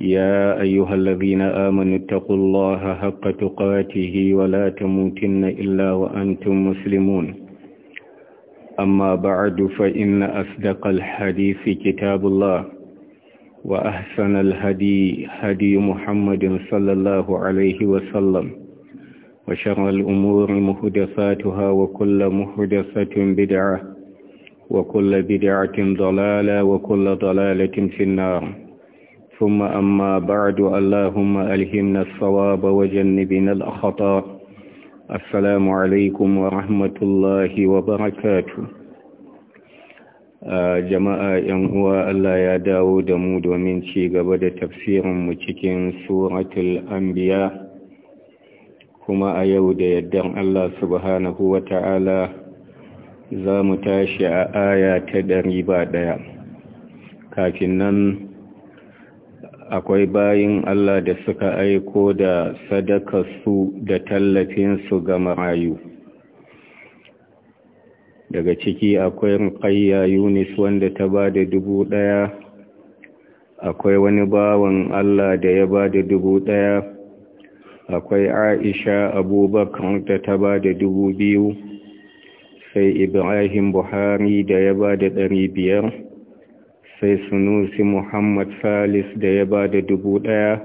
يا أيها الذين آمنوا اتقوا الله حق تقاته ولا تموتن إلا وأنتم مسلمون أما بعد فإن أصدق الحديث كتاب الله وأحسن الهدي هدي محمد صلى الله عليه وسلم وشر الأمور مهدفاتها وكل مهدفة بدعة وكل بدعة ضلالة وكل ضلالة في النار ثم أما بعد اللهم ألهمنا الصواب وجنبنا الأخطاء السلام عليكم ورحمة الله وبركاته jama'a yan uwa Allah ya dawo da mu domin ci gaba da tafsirinmu cikin suratul ambiya. kuma a yau da yaddan Allah subhanahu wa ta'ala za mu tashi a aya ta ɗari ba ɗaya kafin nan akwai bayin Allah da suka aiko da sadakarsu da tallafinsu ga marayu daga ciki akwai rukayya yunis wanda ta ba da dubu ɗaya akwai wani bawan Allah da ya ba da dubu ɗaya akwai aisha abubakar da ta ba da dubu biyu sai ibrahim buhari da ya ba da ɗari biyar sai sunusi muhammad salis da ya ba da dubu ɗaya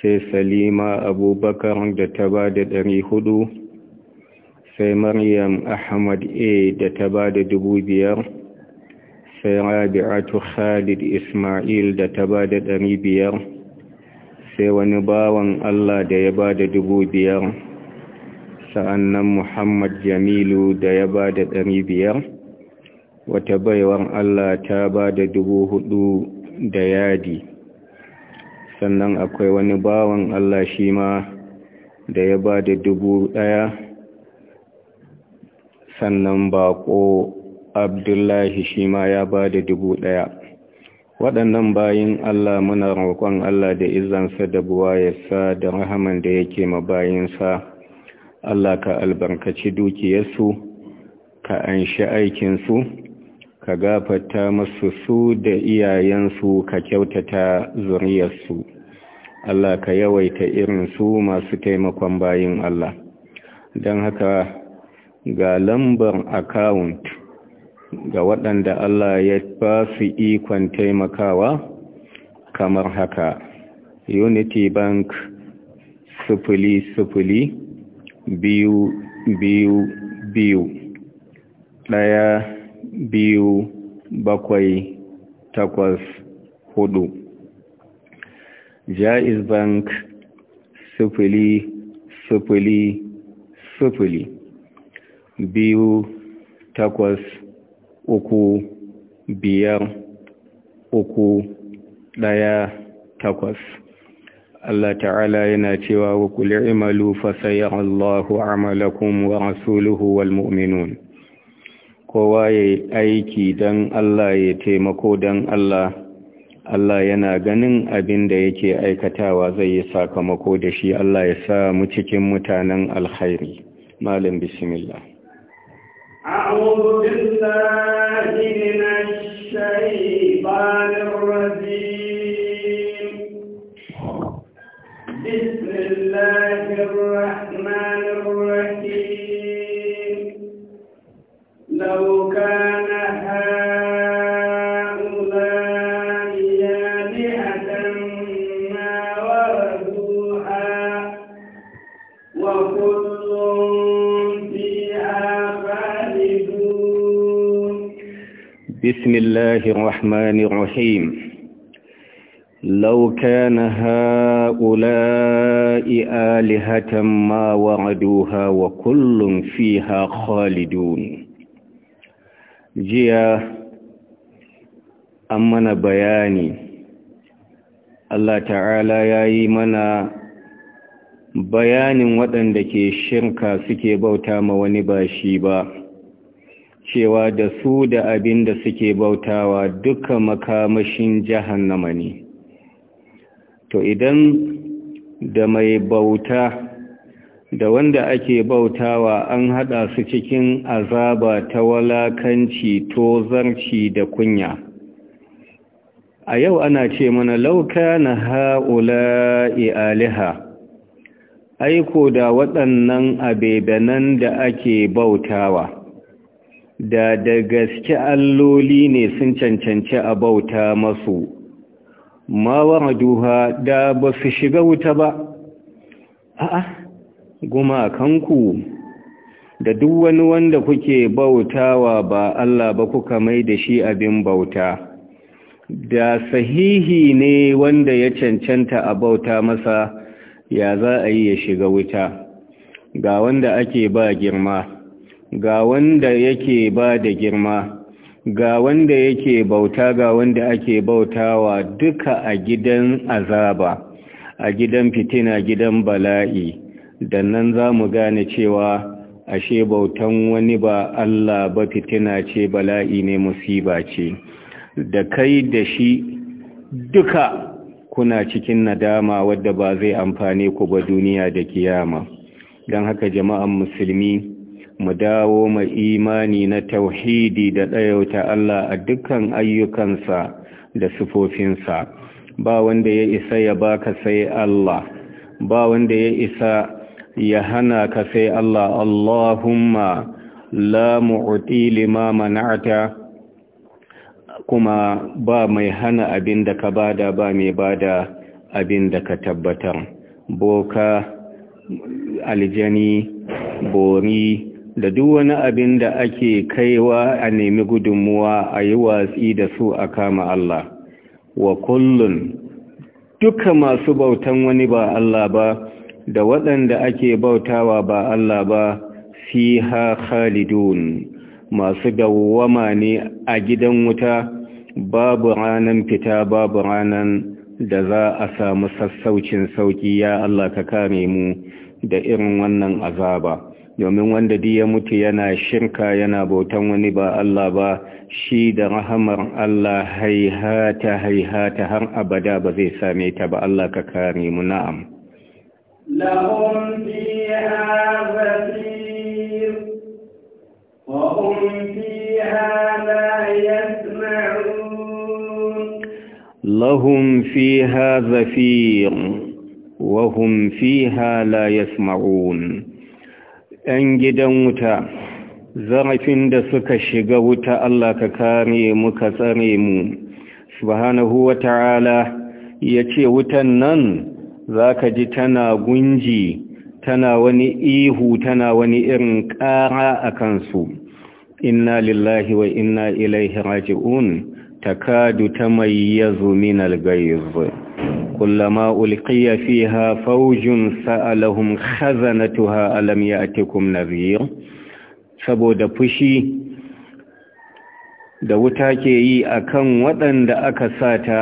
sai salima abubakar da ta ba da ɗari hudu sai maryam ahmad a da ta ba da dubu biyar sai rabi'atu khalid ismail da ta ba da ɗari biyar sai wani bawan allah da ya ba da dubu biyar sa'annan muhammad jamilu da ya ba da ɗari biyar wata baiwan Allah ta ba da dubu hudu da yadi sannan akwai wani bawan Allah shi ma da ya ba da dubu daya sannan bako abdullahi shi ma ya ba da dubu daya waɗannan bayin Allah muna roƙon Allah da izansa da buwayarsa da rahaman da yake ma mabayinsa Allah ka albarkaci dukiyarsu ka anshi aikinsu ka gafata masu su da iyayensu ka kyautata zuriyarsu Allah ka yawaita irin su masu taimakon bayin Allah don haka ga lambar akawunt, ga waɗanda Allah ya ba su ikon taimakawa kamar haka unity bank sufuli sufuli biyu biyu biyu ɗaya biyu bakwai takwas hudu jaiz bank sifili sifili sifili biyu takwas uku biyar uku ɗaya takwas Allah ta'ala yana cewa wa kuli'imalu imalu fa sayara Allahu a'malakum wa rasuluhu wal mu'minun kowa ya yi aiki don Allah ya taimako don Allah Allah yana ganin abin da yake aikatawa zai yi sakamako da shi Allah ya sa mu cikin mutanen alkhairi malam bismillah a'udhu billahi بسم الله الرحمن الرحيم لو كان هؤلاء آلهة ما وردوها وكل فيها خالدون جيا أمنا بياني الله تعالى يا إيمانا bayanin waɗanda ke shirka suke bauta ma wani ba shi ba cewa da su da abin da suke bautawa duka makamashin jahannama ne to idan da mai bauta da wanda ake bautawa an hada su cikin azaba ta walakanci to zarci da kunya a yau ana ce mana lauka na ha'ula aliha aiko da waɗannan abebanan da ake bautawa da da gaske alloli ne sun cancanci a bauta masu ma duha da ba su shiga wuta ba a'a kanku, da duk wani wanda kuke bautawa ba Allah ba kuka mai da shi abin bauta da sahihi ne wanda ya cancanta a bauta masa ya za a yi ya shiga wuta ga wanda ake ba girma ga wanda yake ba da girma ga wanda yake bauta ga wanda ake bautawa duka a gidan azaba a gidan fitina gidan bala'i da nan za mu gane cewa ashe bautan wani ba Allah ba fitina ce bala'i ne musiba ce da kai da shi duka kuna cikin nadama wadda ba zai amfane ku ba duniya da kiyama don haka jama'an musulmi mu dawo mai imani na tauhidi da ɗayauta Allah a dukkan ayyukansa da sufofinsa ba wanda ya isa ya baka sai Allah ba wanda ya isa ya hana ka sai Allah Allahumma la mu'ti lima mana'ta kuma ba mai hana abin da ka bada ba mai bada abin da ka tabbatar boka aljani bori da duk wani abin da ake kaiwa a nemi gudunmuwa a yi watsi da su a kama Allah wa kullun duka masu bautan wani ba Allah ba da waɗanda ake bautawa ba Allah ba ha khalidun masu dawwama ne a gidan wuta babu ranan fita babu ranan da za a samu sassaucin sauki ya Allah ka kare mu da irin wannan azaba domin wanda di ya mutu yana shirka yana bautan wani ba Allah ba shi da rahamar Allah haihata haihata har abada ba zai same ta ba Allah ka kare mu na'am lahum fiha zafir wa hum fiha la yasma'un lahum fiha zafir wa hum fiha la yasma'un ‘yan gidan wuta, zarafin da suka shiga wuta Allah ka kare mu ka tsare mu, subhanahu wa ta'ala ya ce wutan nan za ka ji tana gunji, tana wani ihu, tana wani irin ƙara a kansu. Inna lillahi wa inna ilaihi raji'un, kadu ta mai yazo min al كلما ألقي فيها فوج سألهم خزنتها ألم يأتكم نذير saboda fushi da wuta ke yi akan waɗanda aka sata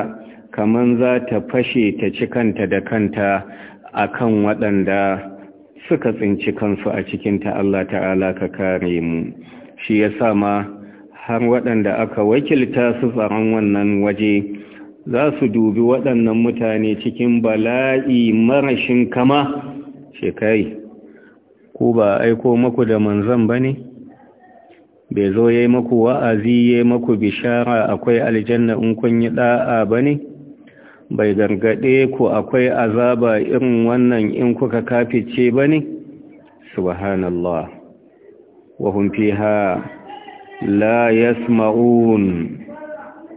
kaman za ta fashe ta ci kanta da kanta kan waɗanda suka tsinci kansu a cikinta Allah ta'ala ka kare mu shi ya ma har waɗanda aka wakilta su tsaron wannan waje za su dubi waɗannan mutane cikin bala'i marashin kama shekai ku ba aiko maku da manzan ba ne bai zo ya yi maku wa'azi ya yi maku bishara akwai aljanna in kun yi ɗa'a ba ne bai gargaɗe ku akwai azaba irin wannan in kuka kafice ba ne subhanallah wahun fiha la yasma'un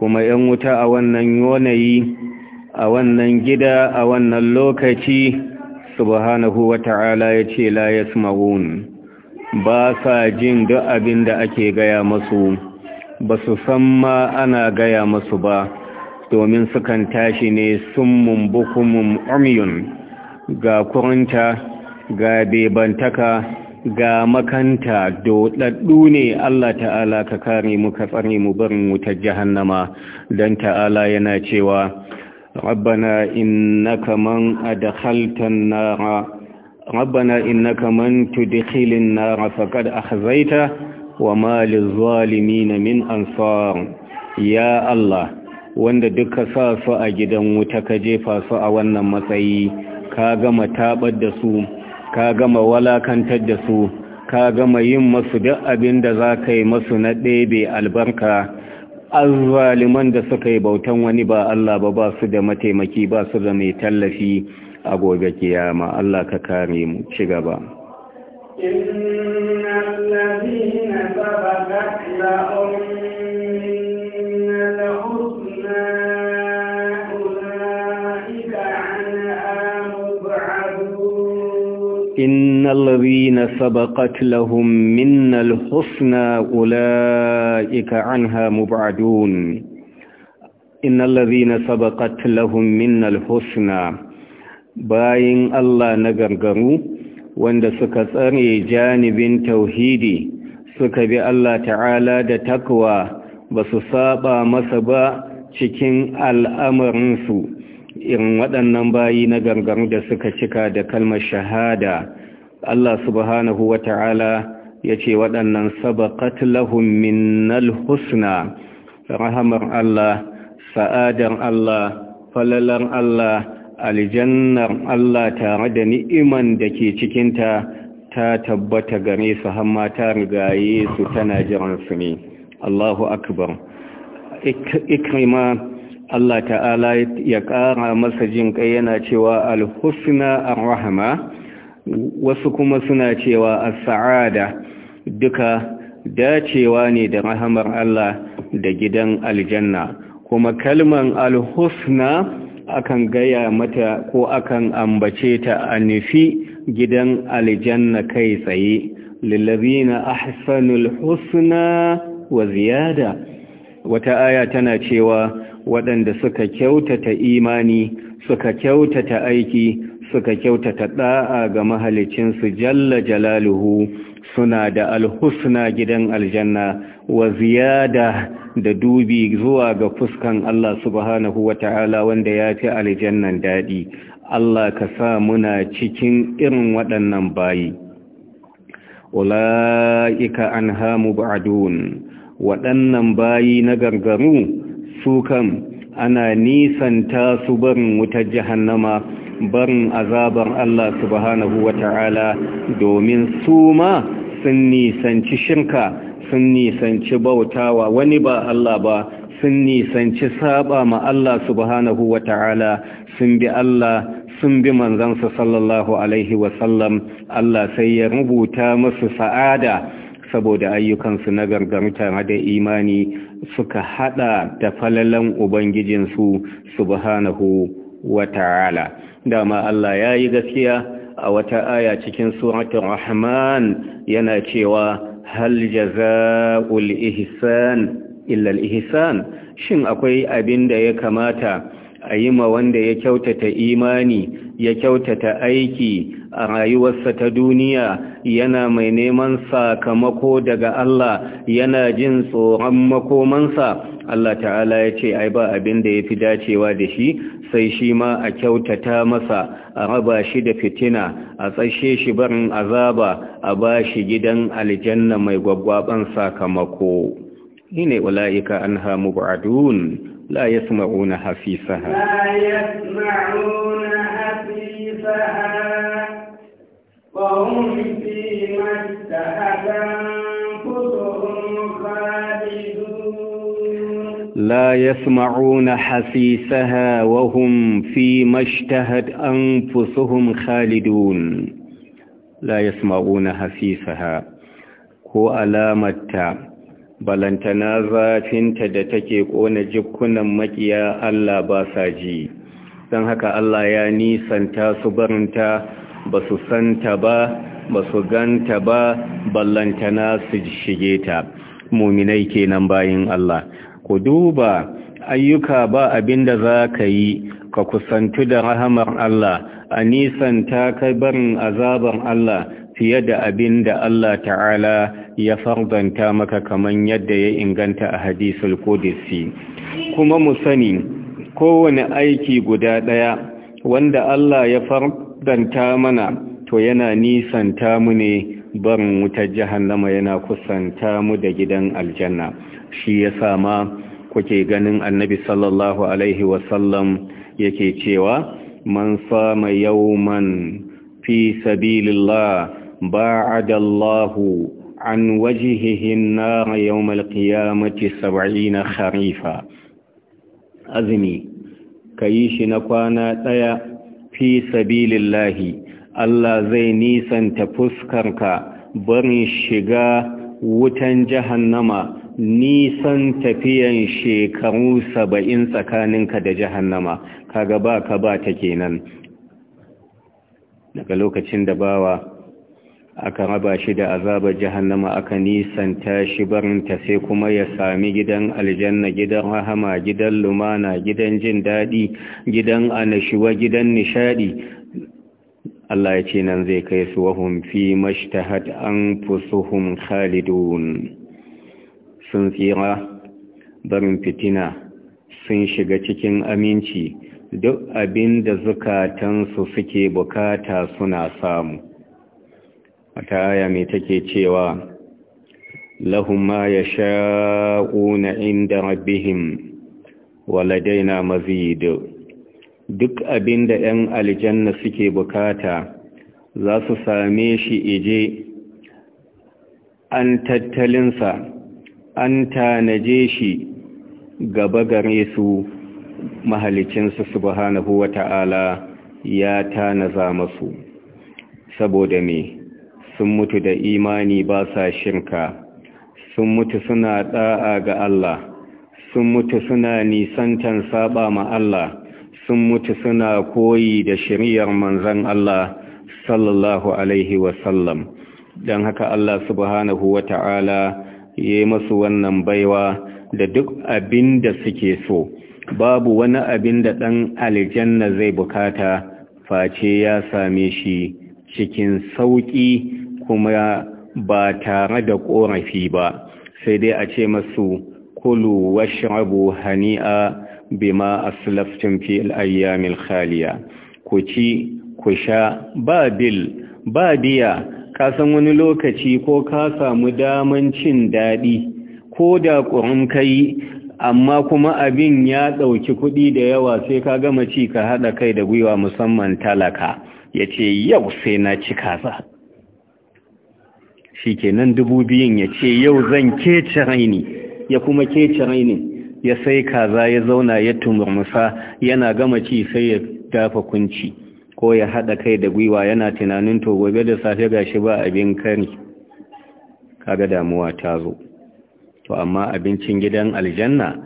kuma ‘yan wuta a wannan yanayi a wannan gida a wannan lokaci subhanahu wa ta'ala ya ce la ya ba sa jin duk abin da ake gaya masu ba su san ma ana gaya masu ba domin sukan tashi ne summun bukumun umyun ga kurinta ga bebantaka ga makanta doɗaɗɗu ne Allah ta'ala ka kare mu ka tsare mu barin ta jahannama dan ta'ala yana cewa rabbana innaka man adkhaltan nara rabbana innaka man tudkhilin nara faqad akhzaita wama lizzalimina min ansar ya Allah wanda duka sa su a gidan wuta ka jefa su a wannan matsayi ka gama tabar da su ka gama walakantar da su ka gama yin masu duk abin da za ka yi masu na ɗebe albarka azzaliman da suka yi bautan wani ba Allah ba ba su da mataimaki ba su da mai tallafi a gobe kiyama Allah ka kare mu ci gaba إن الذين سبقت لهم منا الحسنى أولئك عنها مبعدون إن الذين سبقت لهم الحسنى باين الله نغرغرو wanda suka tsare janibin tauhidi suka bi Allah ta'ala da takwa ba su saba masa ba cikin al'amarinsu irin waɗannan bayi na gangaru da suka cika da kalmar shahada Allah subhanahu wa ta'ala ya ce waɗannan sabakat lahun minnal husna rahamar Allah sa'adar Allah falalar Allah aljannar Allah tare da ni'iman da ke cikinta ta tabbata gare su hamma ta rigaye su tana jiransu ne Allahu akbar ikrima Allah ta'ala ya ƙara masa jin kai yana cewa al-husna ar-rahma wasu kuma suna cewa as-sa'ada duka dacewa ne da rahmar Allah da gidan aljanna kuma kalman al-husna akan gaya mata ko akan ambace ta a nufi gidan aljanna kai tsaye lillazina ahsanul husna wa ziyada wata aya tana cewa waɗanda suka kyautata imani suka kyautata aiki suka kyautata ɗa'a ga mahalicinsu jalla jalaluhu suna da alhusna gidan aljanna wa ziyada da dubi zuwa ga fuskan Allah subhanahu ta'ala wanda ya fi aljannan daɗi Allah ka sa muna cikin irin waɗannan bayi ula'ika an hamu ba'adun waɗannan bayi na gargaru su kan ana nisanta su barin wutar jahannama barin azabar Allah subhanahu ta'ala domin su ma sun nisanci shirka sun nisanci bautawa wani ba Allah ba sun nisanci saba ma Allah subhanahu wata'ala sun bi Allah sun bi manzansa sallallahu alaihi wasallam Allah sai ya rubuta musu sa'ada saboda ayyukansu na gargarta da imani suka hada da falalan ubangijinsu subhanahu wata'ala dama Allah ya yi gaskiya a wata aya cikin suratul rahman yana cewa hal jaza'ul ihsan illa al ihsan shin akwai abin da ya kamata a yi ma wanda ya kyautata imani ya kyautata aiki a rayuwarsa ta duniya yana mai neman sakamako daga Allah yana jin tsoron makomansa Allah ta'ala ya ce ai ba abin da ya fi dacewa da shi sai shi ma a kyautata masa a raba shi da fitina a tsashe shi barin azaba a ba shi gidan aljanna mai gwaggwaban sakamako Ine ne ula'ika an hamu la yasma'una hafisaha la yasma'una hafisaha وهم فيما اجتهد انفسهم لا يسمعون حسيسها وهم في ما اشتهت انفسهم خالدون لا يسمعون حسيسها كو علامتا بلنتنا ذاتنت da take kona jukkunan makiya Allah ألا باساجي dan الله Allah ya nisanta su barinta ba su santa ba ba su ganta ba ballantana su shige ta muminai kenan bayin Allah ku duba ayyuka ba abinda za ka yi ka kusantu da rahamar Allah a nisan ta barin azabar Allah fiye da abin da Allah ta'ala ya farzanta maka kaman yadda ya inganta a hadisul kodisi kuma mu sani kowane aiki guda ɗaya wanda Allah ya farz danta mana to yana nisanta mu ne barin wutar jahannama yana kusanta mu da gidan aljanna shi ya sama kuke ganin annabi sallallahu alaihi wasallam yake cewa man sama yawman fi sabilillah ba'ada an wajhihi an-nar yawm al-qiyamati na kharifa azmi kayi shi na kwana ɗaya. fi sabilillahi Allah zai nisanta fuskarka barin shiga wutan jahannama nisan tafiyan shekaru saba'in tsakaninka da jahannama kaga ba ka ba ta kenan daga lokacin da bawa aka raba shi da azabar jahannama aka nisanta shi barinta sai kuma ya sami gidan aljanna gidan rahama gidan lumana gidan jin daɗi gidan anashiwa gidan nishadi. Allah ya ce nan zai kai su wahum fi mashtahat an fusuhun khalidun sun tsira barin fitina sun shiga cikin aminci duk abin da zukatansu suke bukata suna samu wata aya mai take cewa lahum ya yasha'una inda rabbihim waladaina mazid duk abinda 'yan aljanna suke bukata za su same shi ije an tattalinsa an tanaje shi gaba gare su mahalicinsu subhanahu wata'ala ya tanaza masu saboda me sun mutu da imani ba sa shirka sun mutu suna da'a ga Allah sun mutu suna nisantan saba ma Allah sun mutu suna koyi da shiriyar manzan Allah sallallahu alaihi wasallam don haka Allah subhanahu wa ta'ala ya yi masu wannan baiwa da duk abin da suke so babu wani abin da ɗan aljanna zai bukata face ya same shi cikin sauƙi kuma ba tare da korafi ba sai dai a ce masu kulu washrabu hani'a bima a fi al'ayya mil khaliya ku ci ku sha ba bil ba biya ka san wani lokaci ko ka samu daman cin daɗi, ko da ƙurin kai amma kuma abin ya ɗauki kuɗi da yawa sai ka gama ci ka haɗa kai da gwiwa musamman talaka ya ce yau sai na ci kasa. shi kenan dubu biyun ya ce yau zan kece raini ya kuma kece raini ya sai kaza ya zauna ya tumurmusa yana gama ci sai ya dafa kunci ko ya haɗa kai da gwiwa yana tunanin to gobe da safe ga shi ba abin kari kaga damuwa ta zo to amma abincin gidan aljanna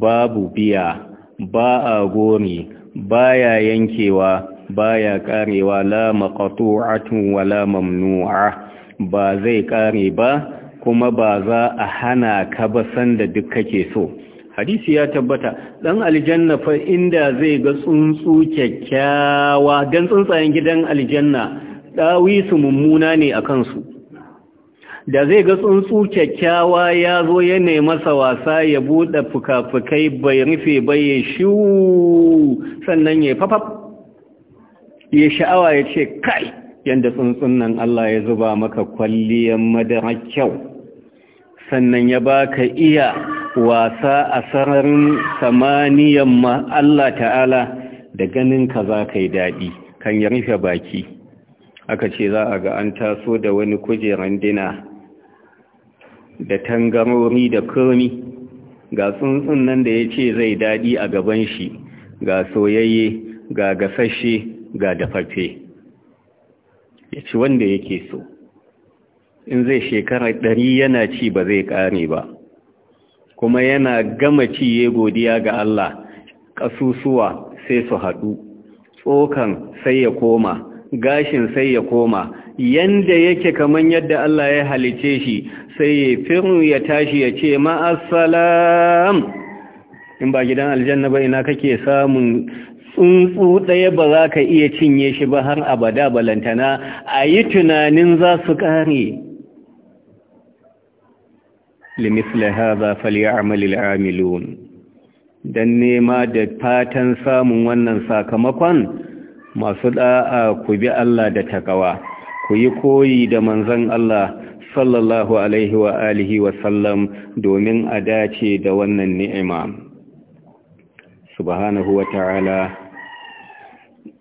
babu biya ba a gori baya yankewa baya karewa la maqtu'atun wala mamnu'a ba zai kare ba kuma ba za a hana ka ba sanda duk kake so hadisi ya tabbata dan aljanna fa inda zai ga tsuntsu kyakkyawa dan tsuntsayen gidan aljanna dawi su mummuna ne a kansu da zai ga tsuntsu kyakkyawa ya zo ya masa wasa ya buɗe fukafukai bai rufe ba ya shu sannan ya fafaf ya sha'awa ya ce kai yadda tsuntsunan Allah ya zuba maka kwalliyar madara kyau sannan ya baka iya wasa a sararin samaniyan ma Allah ta'ala da ganin ka za ka yi daɗi kan ya rufe baki aka ce za a ga an taso da wani kujeran dina da tangarori da komi ga tsuntsun nan da ya ce zai daɗi a gaban shi ga soyayye ga gasashe ga dafaffe ya ci wanda yake so in zai shekara ɗari yana ci ba zai ƙare ba kuma yana gama ci ya godiya ga Allah ƙasusuwa sai su haɗu tsokan sai ya koma gashin sai ya koma yanda yake kaman yadda Allah ya halice shi sai ya firu ya tashi ya ce ma'assalam in ba gidan aljanna ba ina kake samun tsuntsu ɗaya ba za ka iya cinye shi ba har abada balantana a yi tunanin za su ƙare limisla haza fal'amalil amilun don nema da fatan samun wannan sakamakon masu ɗa'a ku bi Allah da takawa ku yi koyi da manzan Allah sallallahu alaihi wa alihi wa sallam domin a dace da wannan ni'ima subhanahu wa ta'ala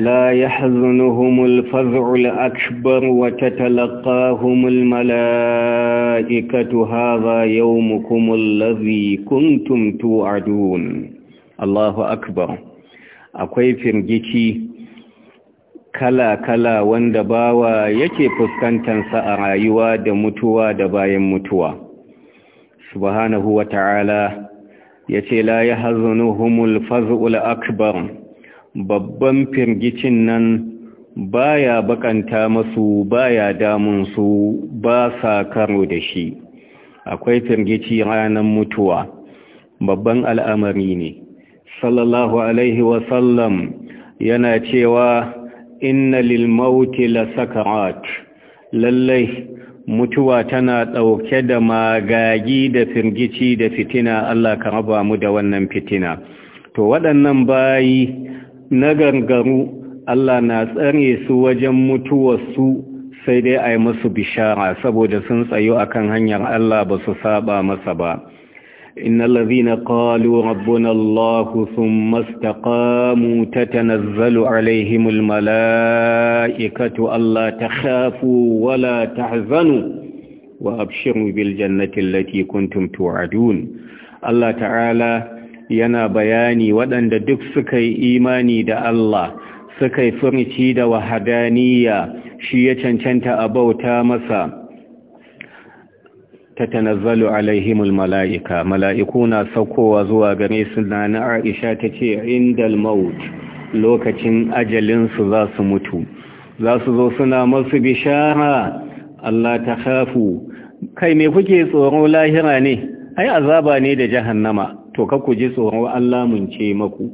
لا يحزنهم الفزع الأكبر وتتلقاهم الملائكة هذا يومكم الذي كنتم توعدون الله أكبر akwai firgici kala-kala wanda bawa yake fuskantansa a rayuwa da mutuwa da bayan mutuwa subhanahu wa ta'ala ya ce la ya hazunuhumul faz'ul akbar babban firgicin nan baya bakanta masu baya damun su ba sa karo da shi akwai firgici ranar mutuwa babban al'amari ne sallallahu alaihi wasallam yana cewa inna lil mauti la sakarat lallai mutuwa tana ɗauke da magagi da firgici da fitina Allah ka raba mu da wannan fitina to waɗannan bayi na gargaru, Allah na tsare su wajen mutuwarsu sai dai a yi masu bishara saboda sun tsayu a kan hanyar Allah ba su saba masa ba. Inna lazina ƙalu rabbun Allah sun mastaƙamu ta tanazzalu alaihimul mala’ikatu Allah ta shafu wala ta zanu wa abshirin biljannatin latikuntum tuwa dun. Allah ta'ala yana bayani waɗanda duk suka yi imani da Allah suka yi furci da wahadaniya shi ya cancanta a bauta masa ta tanazzalu alaihimul mala'ika mala'iku na saukowa zuwa gare su na na aisha ta ce indal maut lokacin ajalinsu za su mutu za su zo suna masu bishara Allah ta hafu kai me kuke tsoro lahira ne ai azaba ne da jahannama to ku ji tsoro Allah mun ce maku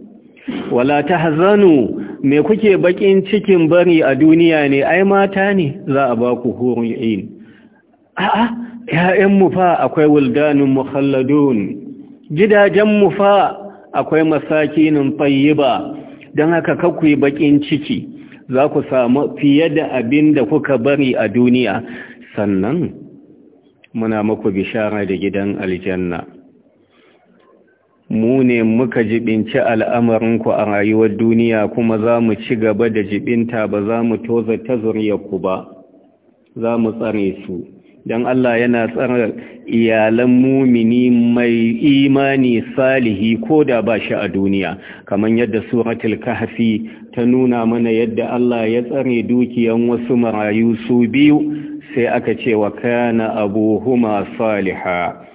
wala ta hazanu me kuke bakin cikin bari a duniya ne ai mata ne za a ba ku horon yin a'a 'ya'yan mu fa akwai wuldanun mukhalladun gidajen mu fa akwai masakinin Fayyiba. Don haka ku yi bakin ciki za ku samu fiye da abin da kuka bari a duniya sannan muna maku bishara da gidan aljanna mu ne muka jibinci al'amarinku a rayuwar duniya kuma za mu ci gaba da jibinta ba za mu toza ta ku ba za mu tsare su don Allah yana tsara iyalan mumini mai imani salihi ko da ba shi a duniya kamar yadda suratul kahfi ta nuna mana yadda Allah ya tsare dukiyan wasu marayu su biyu sai aka ce wa kana huma saliha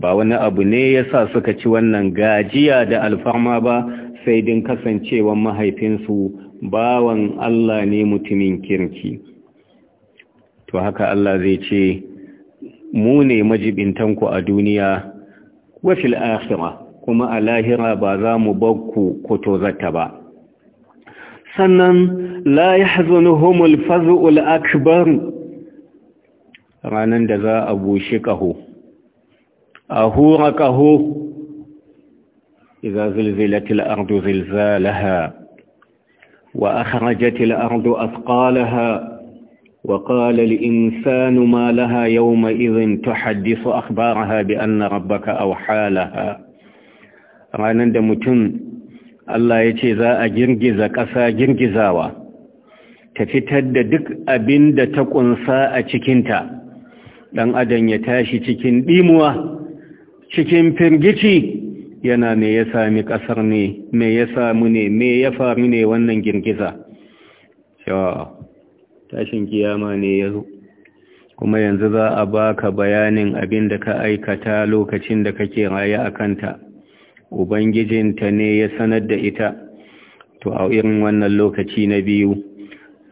ba wani abu ne ya sa suka ci wannan gajiya da alfarma ba sai din kasancewan mahaifinsu bawan Allah ne mutumin kirki to haka Allah zai ce mu ne majibintanku a duniya wa fil kuma a lahira ba za mu bakku ku zata ba sannan la yahzunuhumul faz'ul akbar ranan da za a bushe kaho أهوركه إذا زلزلت الأرض زلزالها وأخرجت الأرض أثقالها وقال الإنسان ما لها يومئذ تحدث أخبارها بأن ربك أوحى لها رانند متن الله يتي ذا أجنجز كسا جنجزاوا تفتد دك أبند تقنصاء چكنتا لن أدن يتاشي چكن بيموه cikin firgici yana me ya sami ƙasar ne me ya samu ne me ya faru ne wannan girgiza cewa tashin kiyama ne ya zo kuma yanzu za a baka bayanin abin da ka aikata lokacin da kake raye a kanta ubangijinta ne ya sanar da ita to a irin wannan lokaci na biyu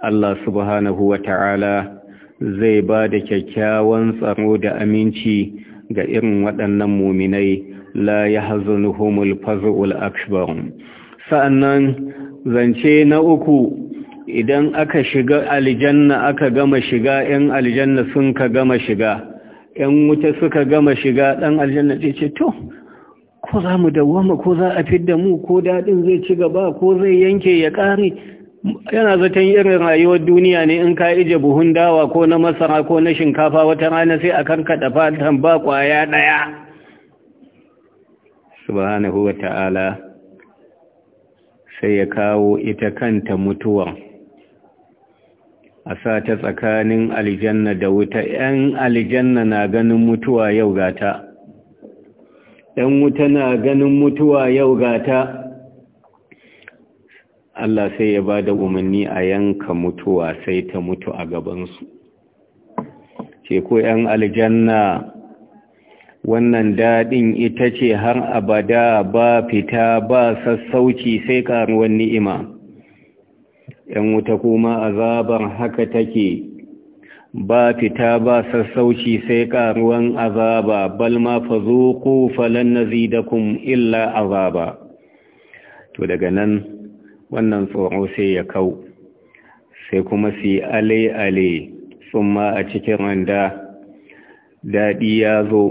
Allah subhanahu wa ta'ala zai ba da kyakkyawan tsaro da aminci ga irin waɗannan muminai la ya hazunuhumul fazul akbar sa'annan zance na uku idan aka shiga aljanna aka gama shiga ‘yan aljanna sun ka gama shiga ‘yan wuta suka gama shiga ɗan aljanna ce ce to ko za mu dawama ko za a da mu ko daɗin zai ci gaba ko zai yanke ya ƙare yana zaton irin rayuwar duniya ne in ka ije buhun dawa ko na masara ko na shinkafa wata rana sai a kan kaɗa fatan ba kwaya ɗaya subhanahu wa ta'ala sai ya kawo ita kanta mutuwa a sa ta tsakanin aljanna da wuta ‘yan aljanna na ganin mutuwa yau gata ‘yan wuta na ganin mutuwa yau gata’ Allah sai ya ba da umarni a yanka mutuwa sai ta mutu a gabansu ce ko ‘yan aljanna wannan daɗin ita ce har abada ba fita ba sassauci sai ƙaruwan ni'ima ‘yan wuta kuma azabar haka take ba fita ba sassauci sai ƙaruwan azaba balma fa zo ko falon nazi da illa azaba to daga nan wannan tsoro sai ya kau sai kuma suyi alai ale-ale ma a cikin randa daɗi ya zo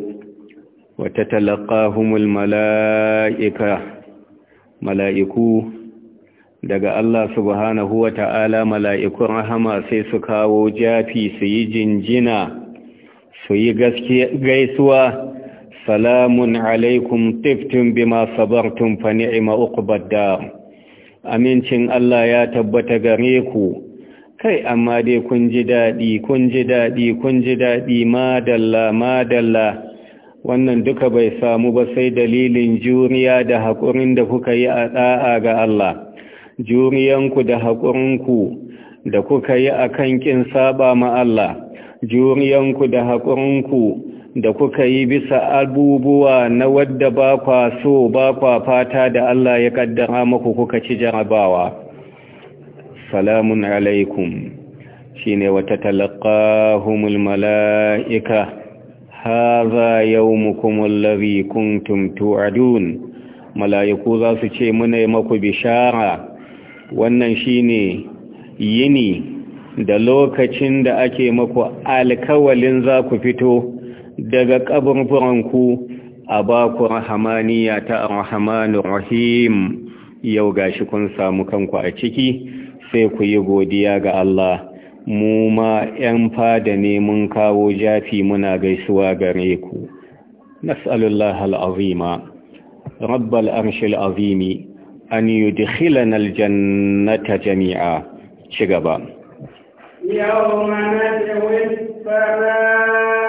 wata humul mala'ika mala'iku daga Allah subhanahu wa ta'ala mala'ikun rahama sai su kawo jafi su yi jinjina su yi gaisuwa salamun alaikum tiftun bima sabartun fa ni'ima uqbad amincin Allah ya tabbata gare ku kai amma dai kun ji daɗi kun ji daɗi kun ji daɗi madalla madalla wannan duka bai samu ba sai dalilin juriya da haƙurin da kuka yi a ɗa'a ga Allah juriyanku da haƙurinku da kuka yi a kan ƙin saba ma Allah juriyanku da ku. da kuka yi bisa abubuwa na wadda ba kwa so ba kwa fata da Allah ya kaddara muku kuka ci jarabawa salamun alaikum shine wata talaqahumul malaika hadha yawmukum alladhi kuntum tu'adun malaiku za su ce muna maku bishara wannan shine yini da lokacin da ake maku alkawalin za ku fito daga kaburburanku a baku rahamaniya ta rahmanur rahim yau shi kun samu kanku a ciki sai ku yi godiya ga Allah mu ma 'yan fada ne mun kawo jafi muna gaisuwa gare ku nas'alullah al'azima rabbal arshil azimi an yudkhilana aljannata jami'a ci gaba yawma najwi as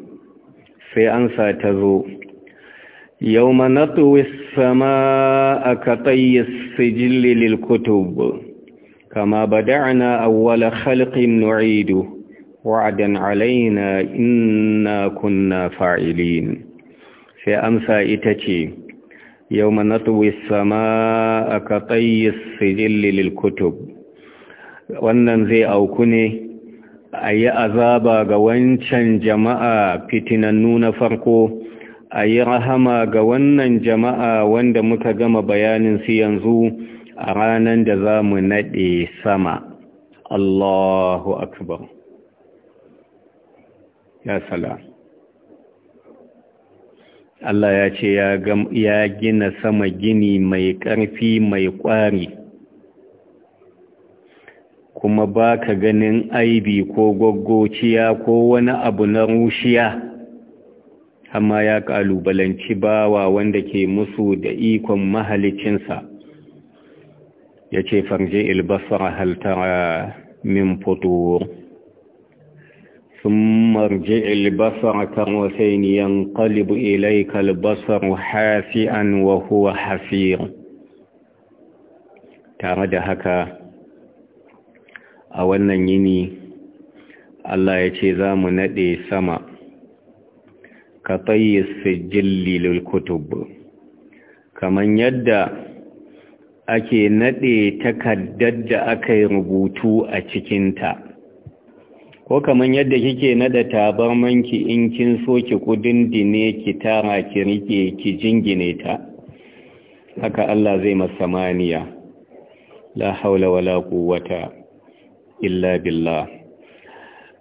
sai ansa ta zo yawma natwi as-samaa ka tayyi as-sijil kutub kama bada'na awwala khalqin nu'idu wa'adan alaina inna kunna fa'ilin sai amsa ita ce Yau ma as-samaa ka tayyi as kutub wannan zai auku ne a yi azaba ga wancan jama'a fitinannu na farko a yi rahama ga wannan jama'a wanda muka gama bayanin su yanzu a ranar da za mu naɗe sama Allahu akbar ya salam Allah ya ce ya gina sama gini mai ƙarfi mai ƙwari kuma ba ka ganin aibi ko gwaggociya ko wani abu na rushiya amma ya ƙalubalanci bawa wanda ke musu da ikon mahalicinsa ya ce farje ilbasar haltara min fito sun marje ilbasar karwasai niyan kalibu ilai kalbasar hafi an wahuwa hafi. tare da haka a wannan yini Allah ya ce za mu naɗe sama ka tsaye sijilli lulkutub kamar yadda ake naɗe takardar da aka yi rubutu a cikinta ko kamar yadda kike naɗa tabarmanki in kin so ki kudin dine ki tara ki rike ki jingine ta haka Allah zai masamaniya la haula wala quwwata illa billah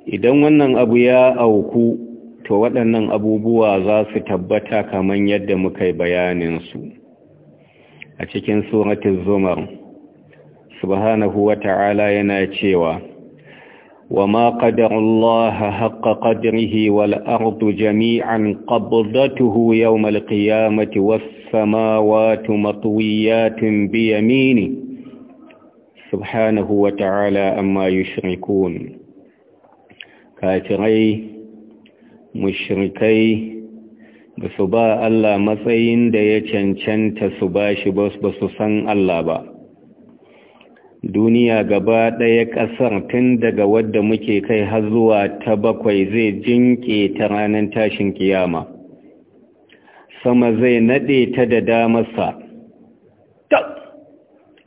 idan wannan abu ya auku to waɗannan abubuwa za su tabbata kamar yadda muka yi bayanin su a cikin suratul zumar subhanahu wata'ala yana cewa wa ma qadarullaha haqqo qadrihi wal ardu jami'an qabdatuhu yawmal qiyamati was samawati matwiyatin bi yaminihi subhanahu wa ta'ala amma yushrikun kafirai mushrikai ba su ba Allah matsayin da ya cancanta su ba shi ba su san Allah ba duniya gaba ɗaya ƙasar tun daga wadda muke kai har zuwa ta bakwai zai jinƙe ta ranar tashin kiyama sama zai naɗe ta da damarsa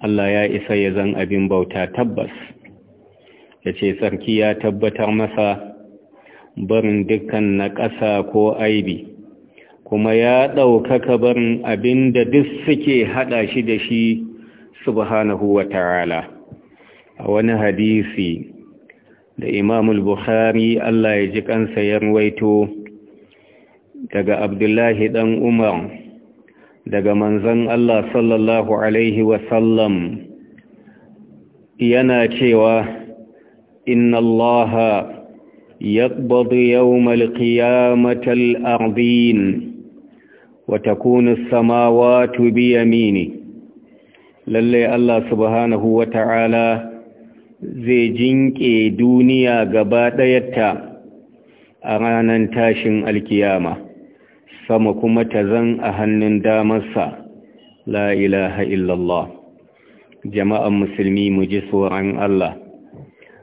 Allah ya isa ya zan abin bauta tabbas ya ce tsarki ya tabbatar masa barin dukkan na ƙasa ko aibi kuma ya ɗaukaka barin abin da duk suke haɗa shi da shi subhanahu wa ta'ala a wani hadisi da imamul bukhari Allah ya ji ƙansa ya waito daga abdullahi ɗan umar daga manzan Allah sallallahu yana cewa inna Allah ya gbadu yau malkiyamatal arzin watakunan samawa tu biya mini lalle Allah subhanahu wa zai jinƙe duniya gaba ɗayatta a ranar tashin alkiyama. sama kuma ta zan a hannun damarsa la ilaha illallah jama'an musulmi mu ji tsoron Allah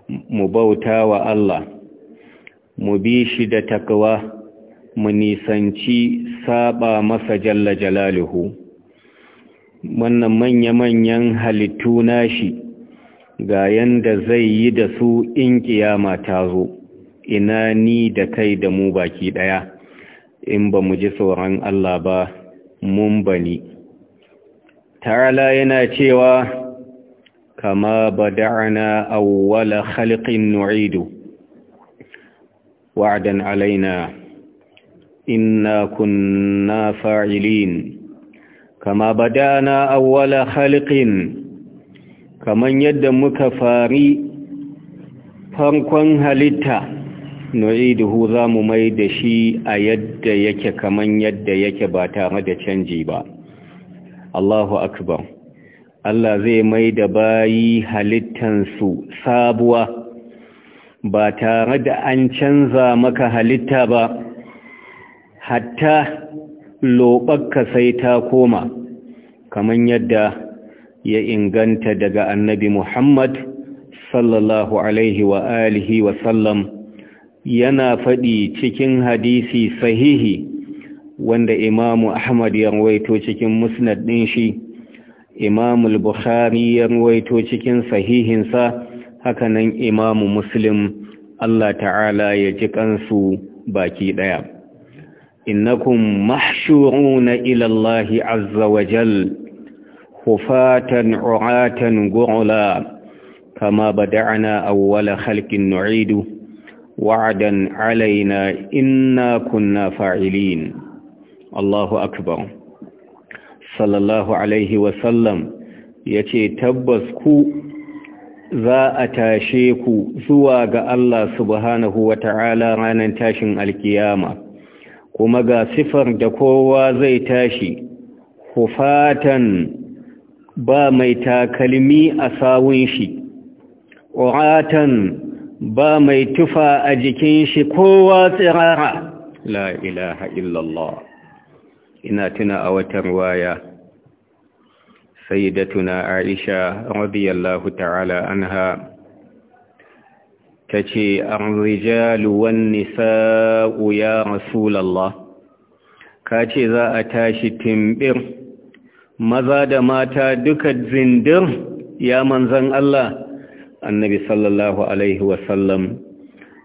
mu bauta wa Allah mu bi shi da takawa mu nisanci saba masa jalla jalaluhu wannan manya-manyan halittu nashi ga yanda zai yi da su in kiyama ta zo ina ni da kai da mu baki ɗaya. in ba mu ji tsoron Allah ba mun bani ta'ala yana cewa kama bada'na awwala khalqin nu'idu wa'dan alaina inna kunna fa'ilin kama bada'na awwala khalqin kaman yadda muka fari farkon halitta nu'iduhu za mu mai da shi a yadda yake kaman yadda yake ba tare da canji ba Allahu akbar Allah zai mai da bayi halittansu sabuwa ba tare da an canza maka halitta ba hatta loɓarka sai ta koma kaman yadda ya inganta daga annabi Muhammad sallallahu alaihi wa alihi wa sallam yana faɗi cikin hadisi sahihi wanda imamu ahmad ya rawaito cikin musnad ɗin shi imamu bukhari ya rawaito cikin sahihinsa hakanan imamu muslim Allah ta'ala ya ji kansu baki ɗaya innakum mahshuruna ila Allah azza wa jal hufatan uratan gu'la kama bada'ana awwala khalqin nu'idu وعدا علينا إنا كنا فاعلين الله أكبر صلى الله ya ce tabbas ku za a tashe ku zuwa ga Allah subhanahu wa ta'ala ranar tashin alkiyama, kuma ga sifar da kowa zai tashi, hufatan ba mai takalmi a sawun shi, ƙuratan ba mai tufa a jikin shi kowa tsirara la ilaha illallah ina tuna a watan waya sai da tuna aisha radiyallahu ta'ala anha ta ce an rijalu wan nisa'u ya rasulallah ka ce za a tashi timbir maza da mata duka zindir ya manzan Allah annabi sallallahu alaihi wasallam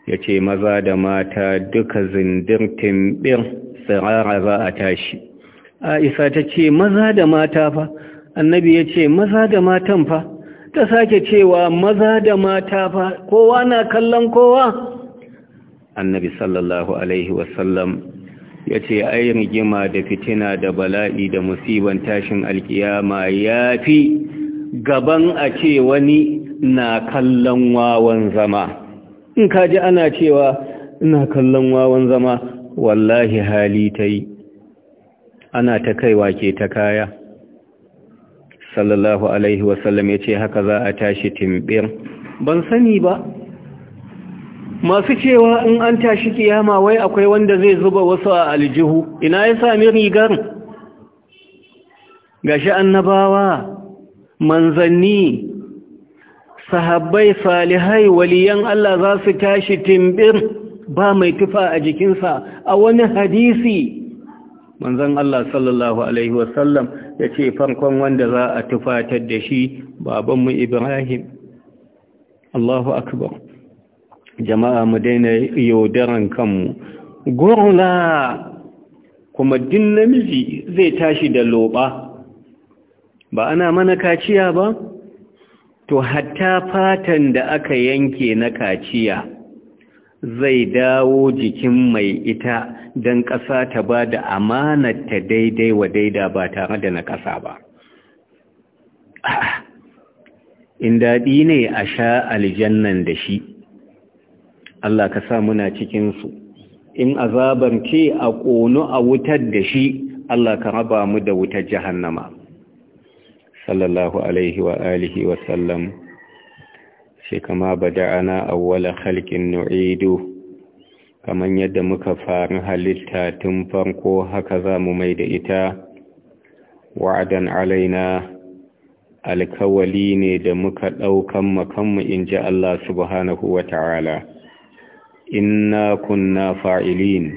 ya ce maza da mata duka zindirtin bir tsirara za a tashi aisha ta ce maza da mata fa annabi ya ce maza da matan fa ta sake cewa maza da mata fa kowa na kallon kowa annabi sallallahu alaihi wasallam ya ce ai rigima da fitina da bala'i da musiban tashin alkiyama ya fi gaban a ce wani na kallon wawan zama in ka ji ana cewa ina kallon wawan zama wallahi hali ta yi ana ta kaiwa ke ta kaya sallallahu alaihi wasallam ya ce haka za a tashi timbir ban sani ba masu cewa in an tashi kiyama wai akwai wanda zai zuba wasu a aljihu ina ya sami rigar gashi annabawa manzanni sahabbai salihai waliyan Allah za su tashi timbir ba mai tufa a jikinsa a wani hadisi manzon Allah sallallahu alaihi wasallam ya ce farkon wanda za a tufatar da shi babanmu Ibrahim Allahu akbar jama'a mu daina yaudaran kanmu gurla kuma din namiji zai tashi da loba ba ana mana kaciya ba to hatta fatan da aka yanke na kaciya zai dawo jikin mai ita don ƙasa ta ba da ta daidai wa daida ba tare da na ƙasa ba in daɗi ne a sha aljannan da shi Allah ka sa muna cikinsu in azabar ke a ƙonu a wutar da shi Allah ka raba mu da wutar jahannama sallallahu alaihi wa alihi wa sallam shi kama ana awwala khalqin nu'idu kaman yadda muka fara halitta tun farko haka za mu mai da ita wa'adan alaina alkawali ne da muka ɗaukan makanmu in ji Allah subhanahu wa ta'ala, Inna kunna fa'ilin,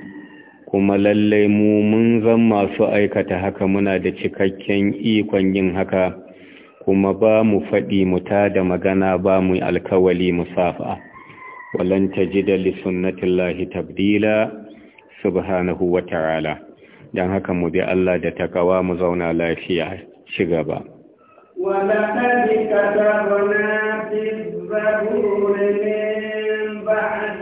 kuma lallai mu mun zan masu aikata haka muna da cikakken ikon yin haka kuma ba mu faɗi mu da magana ba mu alkawali musafa walan tajida li sunnatillahi tabdila subhanahu wa ta'ala dan haka mu bi Allah da takawa mu zauna lafiya ci gaba ولقد كتبنا في الزبور من بعد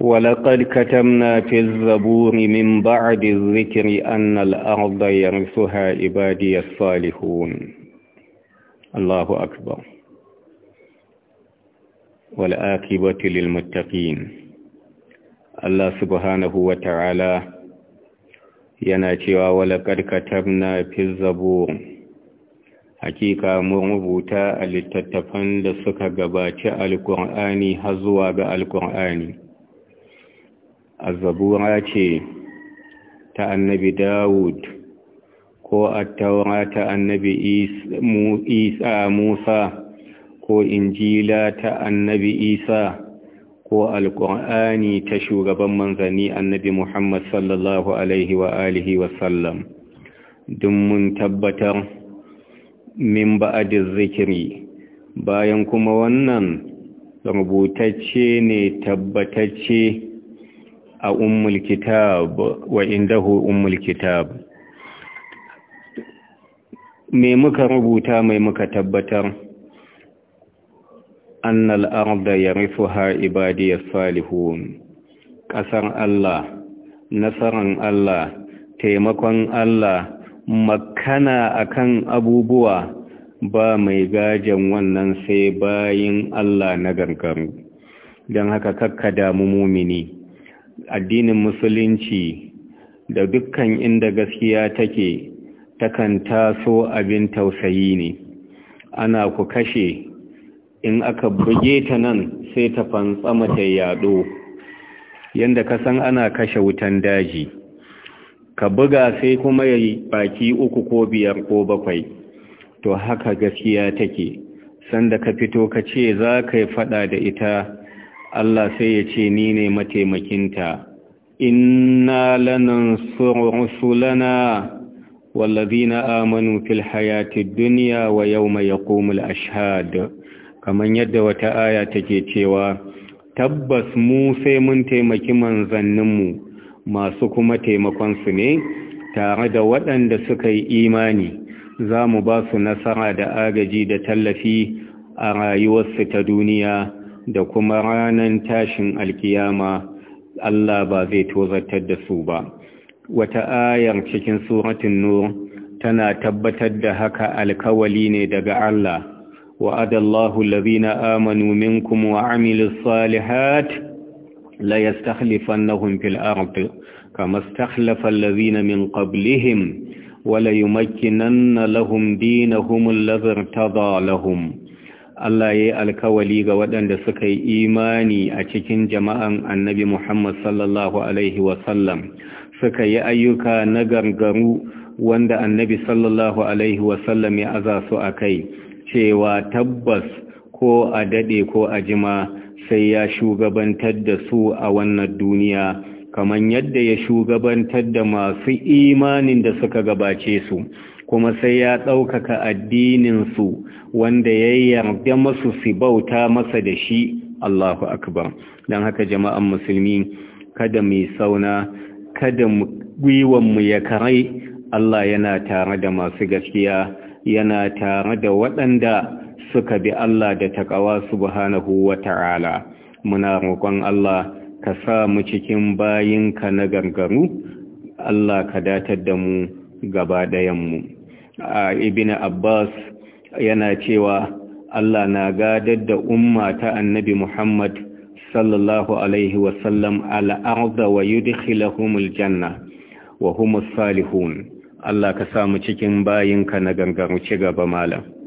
ولقد كتمنا في الزبور من بعد الذكر أن الأرض يرثها عبادي الصالحون الله أكبر والآكبة للمتقين الله سبحانه وتعالى يناتي ولقد كتمنا في الزبور hakika mun rubuta a littattafan da suka gabaci alkur'ani har zuwa ga alkur'ani azabura ce ta annabi dawud ko attaura ta annabi isa musa ko injila ta annabi isa ko alkur'ani ta shugaban manzanni annabi muhammad sallallahu alaihi wa alihi wasallam mun tabbatar min ba'adiz zikiri bayan kuma wannan rubutacce ne tabbatacce a ummul kitab wa indahu ummul kitab me muka rubuta mai muka tabbatar annal arda yarifuha ibadiyas salihun kasar Allah nasaran Allah taimakon Allah makana akan abubuwa ba mai gajen wannan sai bayin Allah na gangan don haka kakka damu mumini addinin musulunci da dukkan inda gaskiya take takan taso abin tausayi ne ana ku kashe in aka buge ta nan sai ta fantsama ta yado yanda ka san ana kashe wutan daji ka buga sai kuma ya yi baki uku ko biyar ko bakwai to haka gaskiya take sanda ka fito ka ce za ka yi fada da ita Allah sai ya ce ni ne mataimakinta inna lanan rusulana wallazina amanu fil hayatid dunya wa yawma yaqumul ashhad kaman yadda wata aya take cewa tabbas mu sai mun taimaki manzanninmu masu kuma taimakonsu ne tare da waɗanda suka yi imani za mu ba su nasara da agaji da tallafi a rayuwarsu ta duniya da kuma ranar tashin alkiyama Allah ba zai tozartar da su ba wata ayar cikin suratun nur tana tabbatar da haka alkawali ne daga Allah wa'adallahu lazina amanu minkum wa amilus salihat la yastakhlifannahum fil ardi kama istakhlafa allazina min qablihim wala yumakkinanna lahum dinahum alladhi irtada lahum Allah ya yi alkawali ga waɗanda suka yi imani a cikin jama'an annabi Muhammad sallallahu Alaihi suka yi ayyuka na gargaru wanda annabi sallallahu ya aza su a kai cewa tabbas ko a daɗe ko a jima sai ya shugabantar da su a wannan duniya kamar yadda ya shugabantar da masu imanin da suka gabace su kuma sai ya ɗaukaka addininsu wanda ya yarda masu su bauta masa da shi Allahu akbar don haka jama'an musulmi kada mai sauna kada mu ya karai Allah yana tare da masu gaskiya yana tare da waɗanda suka bi Allah da taƙawa subhanahu wata'ala muna roƙon Allah ka sa mu cikin bayinka na gargaru Allah ka datar da mu gaba ɗayan A ibn Abbas yana cewa Allah na gadar da umma ta annabi Muhammad sallallahu alaihi wasallam al'arda wa yudkhilahumul janna wa humus salihun Allah ka samu cikin bayinka na gangaru ci gaba malam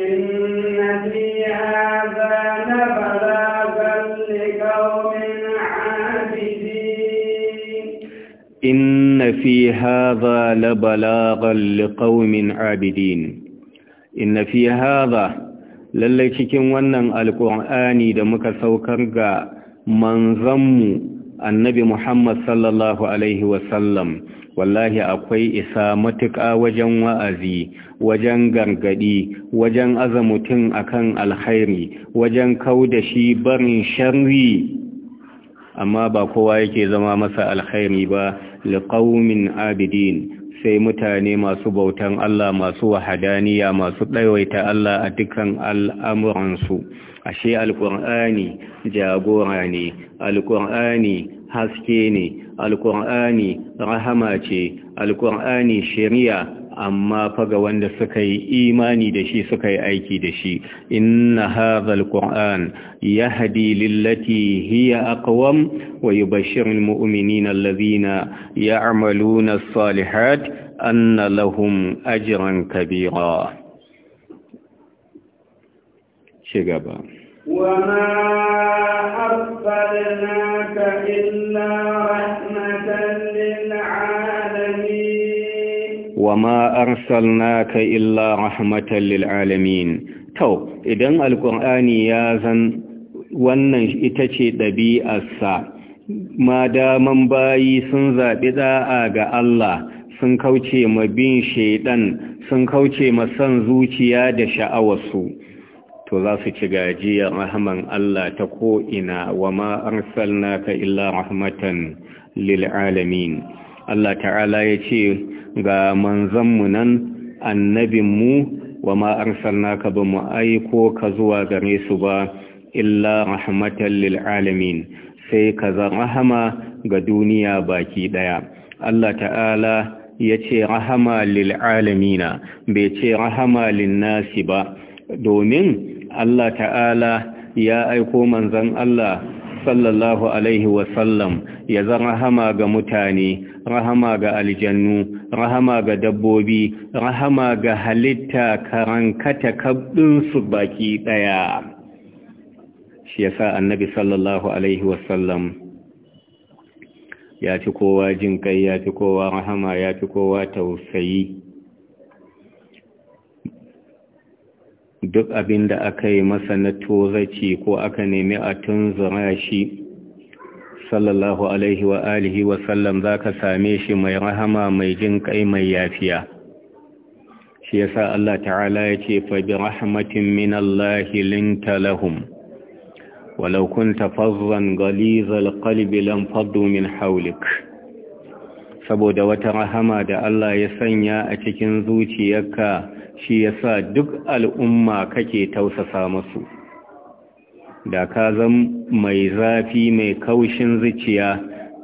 إن في هذا لبلاغا لقوم عابدين إن في هذا لبلاغا لقوم عابدين إن في هذا lallai cikin wannan alƙur'ani da muka saukar ga manzanmu annabi Muhammad sallallahu Alaihi wasallam wallahi akwai isa matuƙa wajen wa'azi wajen gargadi wajen aza mutum akan alkhairi wajen kau da shi barin sharri amma ba kowa yake zama masa alkhairi ba liqaumin abidin sai mutane masu bautan Allah masu wahadaniya masu ɗaiwaita Allah a dukkan al'amuransu ashe alƙur'ani jagora ne alƙur'ani haske ne alƙur'ani rahama ce alƙur'ani shari'a amma faga wanda suka yi imani da shi suka yi aiki da shi inna hazal qur'an yahdi lillati hiya aqwam wa yubashshirul mu'minina alladhina ya'maluna as-salihat anna lahum ajran kabira shigaba وما أرسلناك إلا رحمة للعالمين وما أرسلناك إلا رحمة للعالمين idan إذن ya zan wannan ita ce ɗabi'arsa ma daman bayi sun zaɓi ɗa'a ga Allah sun kauce ma bin shaidan sun kauce ma son zuciya da sha'awarsu to za su ci gajiya Rahman Allah ta ko'ina wa ma arsalnaka illa rahmatan lil'alamin Allah ta'ala ya ce ga manzanmu nan annabinmu wa ma naka ba mu aiko ka zuwa gare su ba illa rahmatan lil alamin sai ka rahama ga duniya baki daya Allah ta'ala ya ce rahama lil alamina bai ce rahama lin nasi ba domin Allah ta'ala ya aiko manzan Allah sallallahu alaihi wasallam ya zan rahama ga mutane rahama ga aljannu rahama ga dabbobi rahama ga halitta karankata kabdinsu baki daya shi yasa annabi sallallahu alaihi wasallam ya ci kowa jinkai ya ci kowa rahama ya ci kowa tausayi duk abin da aka yi masa na tozaci ko aka nemi a tunzura shi sallallahu alaihi wa alihi wa sallam zaka same shi mai rahama mai jin kai mai yafiya shi yasa Allah ta'ala Ya ce bi rahmatin min Allah linta lahum walau kunta fazzan ghalizal qalbi min saboda wata rahama da Allah ya sanya a cikin zuciyarka shi ya sa duk al'umma kake tausasa masu da ka zan mai zafi mai kaushin zuciya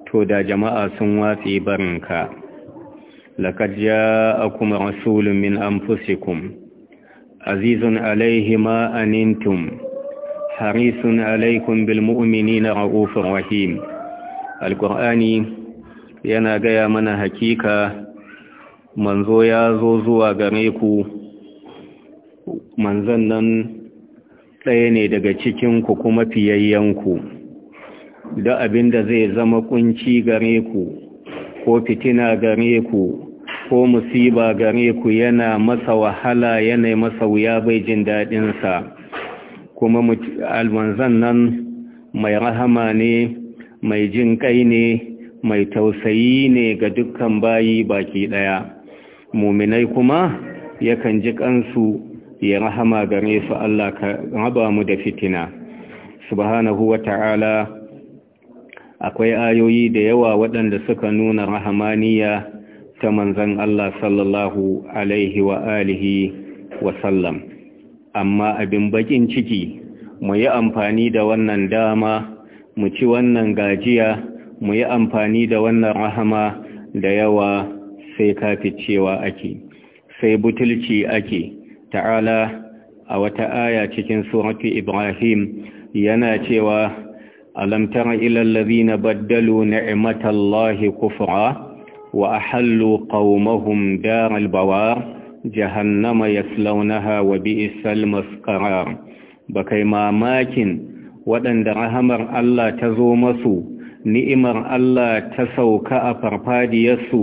to da jama'a sun watsi barinka laƙar ja kuma rasulun min anfusikum azizun alaihi ma'anintum harisun alaikun bilmu'umini na ra'ufin rahim alƙur'ani yana gaya mana hakika manzo ya zo zuwa gare ku manzan nan ɗaya ne daga cikin cikinku kuma fiyayyanku da abin da zai zama kunci gare ku ko fitina gare ku ko musiba gare ku yana masa wahala yana masa wuya bai jin daɗinsa kuma almanzan nan mai rahama ne mai jin kai ne mai tausayi ne ga dukkan bayi baki ɗaya muminai kuma yakan ji kansu ya rahama gare su Allah ka raba mu da fitina subhanahu wa ta'ala akwai ayoyi da yawa waɗanda suka nuna rahamaniya ta manzan Allah sallallahu alaihi wa alihi wa sallam amma abin bakin ciki mu yi amfani da wannan dama mu ci wannan gajiya mu yi amfani da wannan rahama da yawa sai kaficewa ake sai butulci ake ta'ala a wata aya cikin suratu ibrahim yana cewa alamtar tara ila allazina baddalu ni'matallahi kufra wa ahallu qaumahum daral bawar jahannama yaslawnaha wa bi'sal Ba bakai mamakin waɗanda rahamar Allah ta zo masu ni'imar Allah ta sauka a farfadiyarsu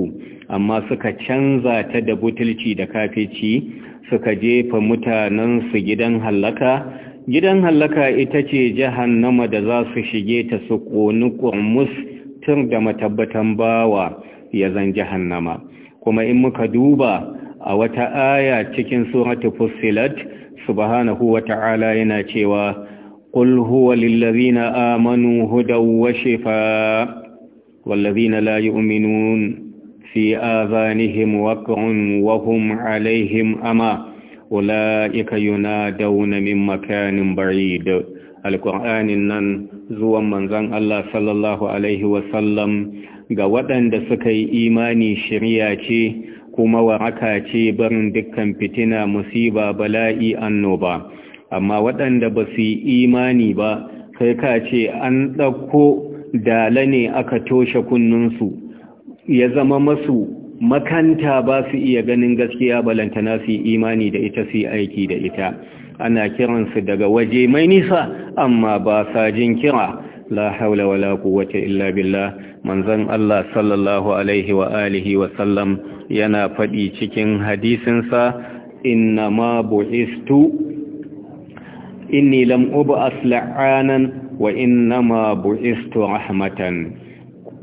amma suka canza ta da butulci da kafici suka jefa mutanensu gidan hallaka gidan hallaka ita ce jahannama da za su shige ta su ƙoni ƙurmus tun da matabbatan bawa ya zan jahannama kuma in muka duba a wata aya cikin suratu fusilat subhanahu wata'ala yana cewa قل هو للذين آمنوا هدى وشفاء والذين لا يؤمنون في آذانهم وقع وهم عليهم أما أولئك ينادون من مكان بعيد القرآن نن زوا منزان الله صلى الله عليه وسلم ga waɗanda suka yi imani shirya ce kuma waraka ce barin dukkan fitina musiba bala'i annoba amma waɗanda ba su yi imani ba kai ka ce an ɗauko dala ne aka toshe kunnunsu ya zama masu makanta ba su iya ganin gaskiya balantana su yi imani da ita su aiki da ita ana kiransu daga waje mai nisa amma ba sa jin kira la haula wala quwwata illa billah manzon Allah sallallahu alaihi wa alihi wa sallam yana faɗi cikin hadisin sa inna ma bu'istu inni lam ub'as la'anan wa innama bu'istu rahmatan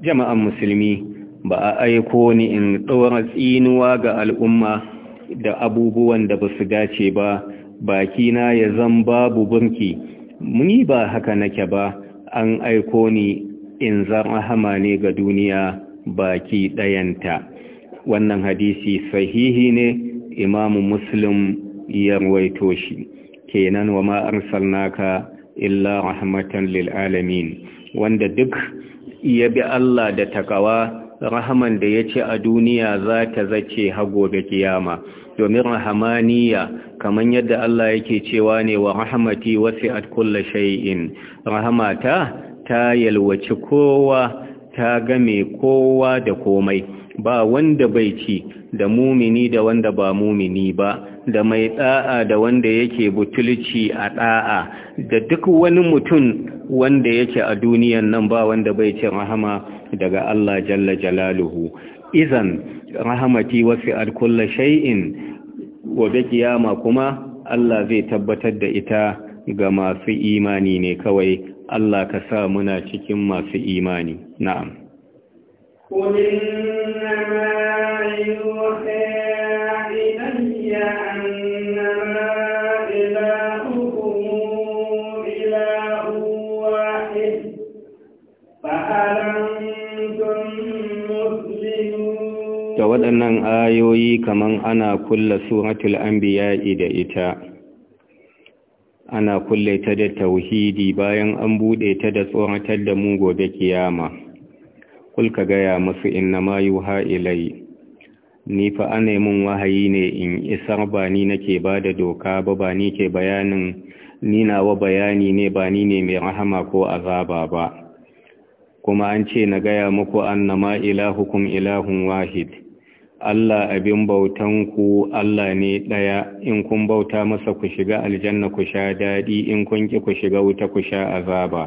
jama'an musulmi ba a aiko ni in tsora tsinuwa ga al'umma da abubuwan da ba su dace ba bakina ya zan babu burki ni ba haka nake ba an aiko ni in zan rahama ne ga duniya baki dayanta, wannan hadisi sahihi ne imamu muslim ya ruwaito shi kenan wa ma arsalnaka illa rahmatan lil'alamin wanda duk ya bi Allah da takawa rahaman da ya ce a duniya za ta zace hago da kiyama domin rahamaniya kamar yadda Allah yake cewa ne wa rahmati wasi'at kulli shay'in rahamata ta yalwaci kowa ta game kowa da komai ba wanda bai ci da mumini da wanda ba mumini ba da mai da'a da wanda yake butulci a da'a da duk wani mutum wanda yake a duniyan nan ba wanda bai ci rahama daga Allah jalla jalaluhu izan rahamati wasu alkulla shay'in wa bi kiyama kuma Allah zai tabbatar da ita ga masu imani ne kawai Allah ka sa muna cikin masu imani na'am قل إنما da waɗannan ayoyi kaman ana kulla suratul anbiya'i da ita ana kulle ta da tauhidi bayan an buɗe ta da tsoratar da mu gobe kiyama Kulka gaya masu inna ma wuha ilai ni fa ana mun wahayi ne in isar ba ni nake ba da doka ba ba ni ke bayanin ni wa bayani ne ba ni ne mai rahama ko azaba ba kuma an ce na gaya muku annama ilahukum ilahun wahid Allah abin bautan ku Allah ne ɗaya in kun bauta masa ku shiga aljanna ku sha daɗi in kun ki ku shiga wuta ku sha azaba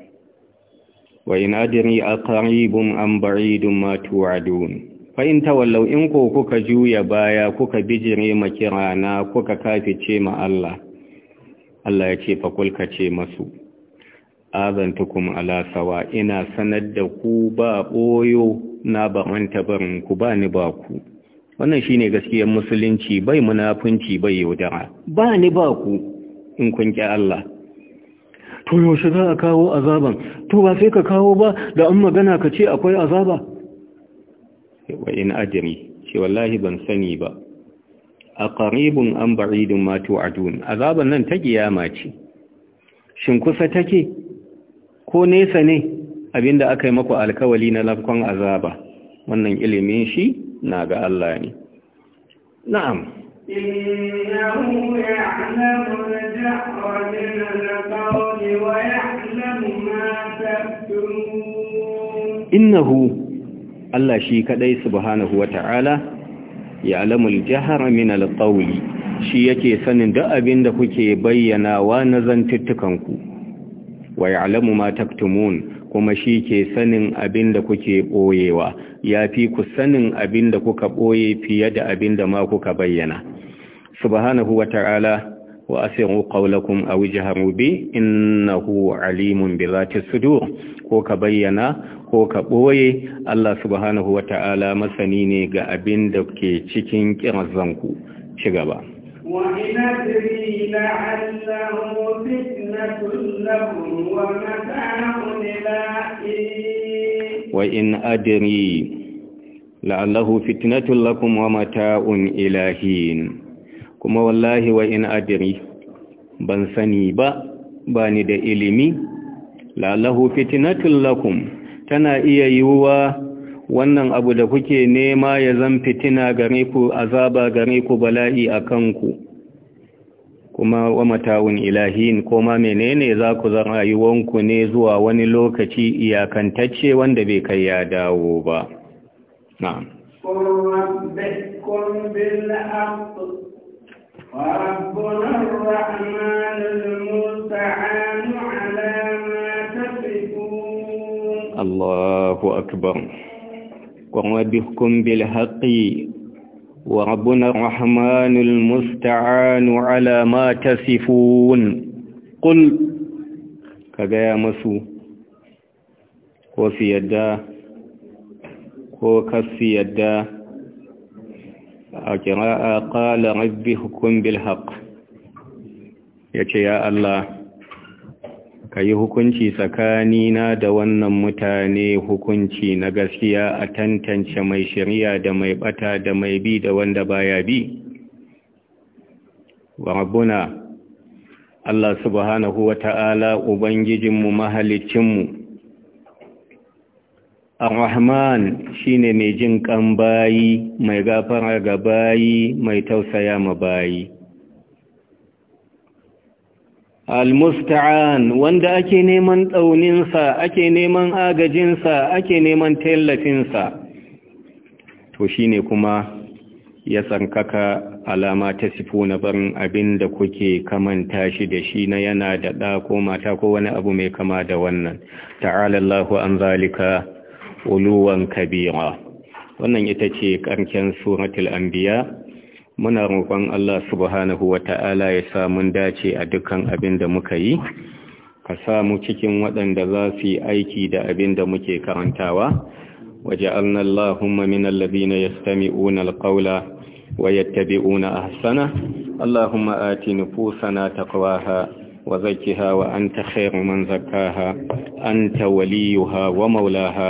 wa in adiri a ƙaribin an baridun matuwadun fa’in tawallau in ko kuka juya baya kuka bijire makira na kuka kafi ce ma Allah Allah ya ce fakulka ce masu azantukum alasawa ina sanar da ku ba ɓoyo na ba’an tabarin ku ba ni ba ku wannan shine ne gaskiyar musulunci bai munafunci bai yaudara ba ni ba ku in kun ƙi Allah to yaushe za a kawo azaban to ba sai ka kawo ba da an magana ka ce akwai azaba wa in ajami ce wallahi ban sani ba a qaribun an Mato a duni azaban nan ta kiyama ce shin kusa take ko nesa ne abinda aka yi maku alkawali na lafkon azaba wannan ilimin shi na ga Allah ne na'am إنه يعلم الجهر من القول innahu allah shi إنه الله شي كدي سبحانه وتعالى يعلم الجهر من shi yake sanin duk abin da kuke bayyanawa na zantuttukanku wa ya'lamu ma taktumun kuma shi ke sanin abin da kuke ya yafi ku sanin abin da kuka ɓoye fiye da abin da ma kuka bayyana subhanahu wa ta'ala وأسروا قولكم أو جهروا به إنه عليم بذات sudur ko ka bayyana ko ka ɓoye Allah subhanahu wa ta'ala masani ne ga abin da ke cikin ƙirazanku ci gaba. wa in adiri la'allahu fitnatun lakum wa mata'un ilahin kuma wallahi wa in adiri ban sani ba ba ni da ilimi lalahu fitinatul lakum tana iya yiwuwa wannan abu da kuke nema ya zan fitina gare ku azaba gare ku bala'i a kanku kuma wa matawun ilahin koma menene za ku zan rayuwanku ne zuwa wani lokaci iyakantacce wanda bai kai ya dawo ba na'am وربنا الرحمن المستعان على ما تصفون الله أكبر ونبهكم بالحق وربنا الرحمن المستعان على ما تصفون قل كذا يا مسو وفي يدا وكف يدا akira قال رب حكم بالحق يتي ya Allah ka yi hukunci tsakanina da wannan mutane hukunci na gaskiya a tantance mai shari'a da mai bata da mai bi da wanda baya bi wa rabbuna Allah subhanahu wa ta'ala ubangijinmu mu Ar-Rahman shine mai jin kan bayi, mai gafara ga bayi, mai tausaya ma bayi. Al-Musta'an wanda ake neman tsauninsa, ake neman agajinsa, ake neman tallafinsa. To shine kuma ya tsankaka alama ta sifo na barin abin da kuke kamanta shi da shi na yana da ɗa ko mata ko wani abu mai kama da wannan. Ta'alallahu an zalika. uluwan kabira wannan ita ce ƙarshen suratul anbiya muna roƙon Allah subhanahu wata'ala ya sa mun dace a dukkan abinda muka yi ka sa mu cikin waɗanda za su yi aiki da abinda muke karantawa waje'alna Allahumma min alladhina yastami'una alqawla wa yattabi'una ahsana Allahumma ati nufusana taqwaha وزكها وأنت خير من زكاها أنت وليها ومولاها